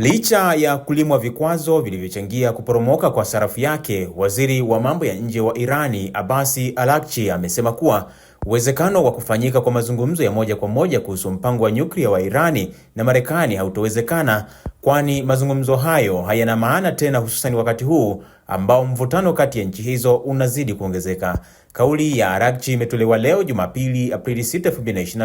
Licha ya kulimwa vikwazo vilivyochangia kuporomoka kwa sarafu yake, Waziri wa Mambo ya Nje wa Irani, Abbas Araghchi amesema kuwa Uwezekano wa kufanyika kwa mazungumzo ya moja kwa moja kuhusu mpango wa nyuklia wa Irani na Marekani hautowezekana kwani mazungumzo hayo hayana maana tena, hususani wakati huu ambao mvutano kati ya nchi hizo unazidi kuongezeka. Kauli ya Araghchi imetolewa leo Jumapili, Aprili 6,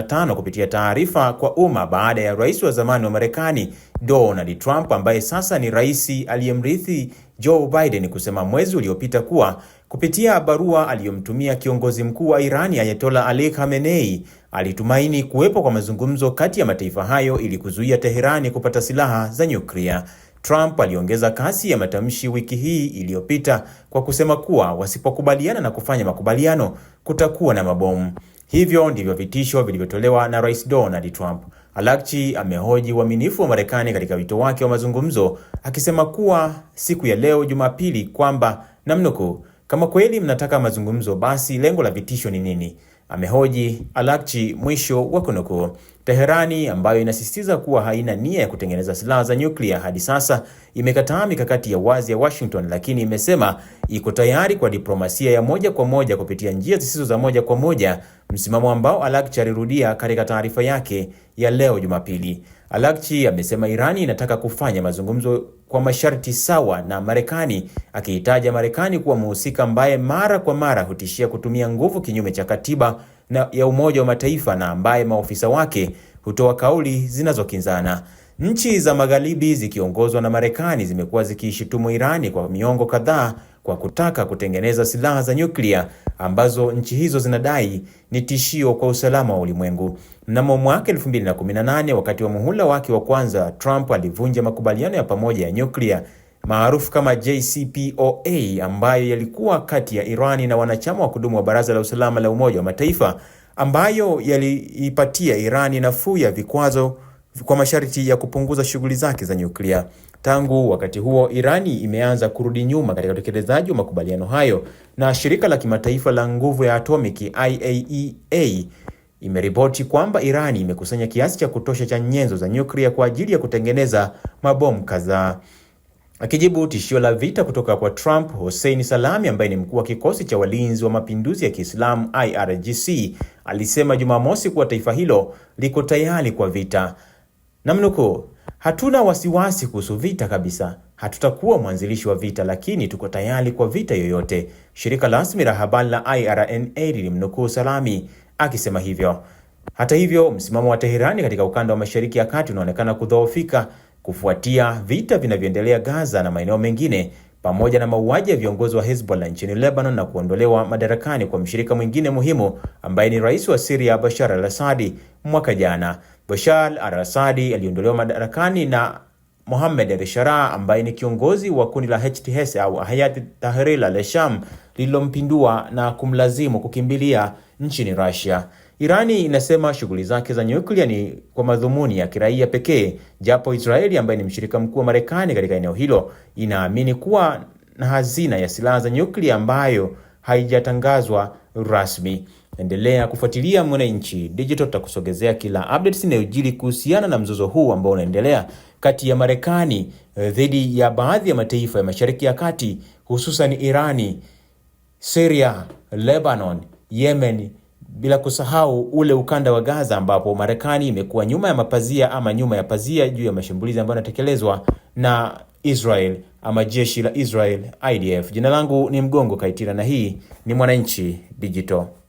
2025 kupitia taarifa kwa umma baada ya rais wa zamani wa Marekani Donald Trump ambaye sasa ni rais aliyemrithi Joe Biden kusema mwezi uliopita kuwa kupitia barua aliyomtumia kiongozi mkuu wa Irani Ayatollah Ali Khamenei alitumaini kuwepo kwa mazungumzo kati ya mataifa hayo ili kuzuia Teherani kupata silaha za nyuklia. Trump aliongeza kasi ya matamshi wiki hii iliyopita kwa kusema kuwa wasipokubaliana na kufanya makubaliano kutakuwa na mabomu. Hivyo ndivyo vitisho vilivyotolewa na Rais Donald Trump. Alakchi amehoji uaminifu wa Marekani katika wito wake wa mazungumzo, akisema kuwa siku ya leo Jumapili kwamba namnuku, kama kweli mnataka mazungumzo, basi lengo la vitisho ni nini? Amehoji Alakchi, mwisho wa kunuku. Teherani ambayo inasisitiza kuwa haina nia ya kutengeneza silaha za nyuklia hadi sasa imekataa mikakati ya wazi ya Washington, lakini imesema iko tayari kwa diplomasia ya moja kwa moja kupitia njia zisizo za moja kwa moja, msimamo ambao Alakchi alirudia katika taarifa yake ya leo Jumapili. Alakchi amesema Irani inataka kufanya mazungumzo kwa masharti sawa na Marekani, akiitaja Marekani kuwa mhusika ambaye mara kwa mara hutishia kutumia nguvu kinyume cha katiba na ya Umoja wa Mataifa na ambaye maofisa wake hutoa kauli zinazokinzana. Nchi za Magharibi zikiongozwa na Marekani zimekuwa zikiishutumu Irani kwa miongo kadhaa kwa kutaka kutengeneza silaha za nyuklia ambazo nchi hizo zinadai ni tishio kwa usalama wa ulimwengu. Mnamo mwaka 2018 wakati wa muhula wake wa kwanza, Trump alivunja makubaliano ya pamoja ya nyuklia maarufu kama JCPOA ambayo yalikuwa kati ya Irani na wanachama wa kudumu wa Baraza la Usalama la Umoja wa Mataifa ambayo yaliipatia Irani nafuu ya vikwazo kwa masharti ya kupunguza shughuli zake za nyuklia. Tangu wakati huo, Irani imeanza kurudi nyuma katika utekelezaji wa makubaliano hayo, na shirika la kimataifa la nguvu ya atomiki IAEA e imeripoti kwamba Irani imekusanya kiasi cha kutosha cha nyenzo za nyuklia kwa ajili ya kutengeneza mabomu kadhaa. Akijibu tishio la vita kutoka kwa Trump, Hossein Salami ambaye ni mkuu wa kikosi cha walinzi wa mapinduzi ya Kiislamu IRGC alisema Jumamosi kuwa taifa hilo liko tayari kwa vita. Namnukuu, hatuna wasiwasi kuhusu vita kabisa. Hatutakuwa mwanzilishi wa vita, lakini tuko tayari kwa vita yoyote. Shirika rasmi la habari la IRNA lilimnukuu Salami akisema hivyo. Hata hivyo, msimamo wa Teherani katika ukanda wa Mashariki ya Kati unaonekana kudhoofika kufuatia vita vinavyoendelea Gaza na maeneo mengine pamoja na mauaji ya viongozi wa Hezbollah nchini Lebanon na kuondolewa madarakani kwa mshirika mwingine muhimu ambaye ni rais wa Syria Bashar al-Assad mwaka jana. Bashar al-Assad aliondolewa madarakani na Mohamed al-Sharaa ambaye ni kiongozi wa kundi la HTS au Hayat Tahrir al-Sham lililompindua na kumlazimu kukimbilia nchini Russia. Irani inasema shughuli zake za nyuklia ni kwa madhumuni ya kiraia pekee, japo Israeli ambaye ni mshirika mkuu wa Marekani katika eneo hilo inaamini kuwa na hazina ya silaha za nyuklia ambayo haijatangazwa rasmi. Endelea kufuatilia Mwananchi Digital, tutakusogezea kila updates inayojiri kuhusiana na mzozo huu ambao unaendelea kati ya Marekani eh, dhidi ya baadhi ya mataifa ya Mashariki ya Kati, hususan Irani, Syria, Lebanon, Yemen, bila kusahau ule ukanda wa Gaza ambapo Marekani imekuwa nyuma ya mapazia ama nyuma ya pazia juu ya mashambulizi ambayo yanatekelezwa na Israel ama jeshi la Israel IDF. Jina langu ni Mgongo Kaitira na hii ni Mwananchi Digital.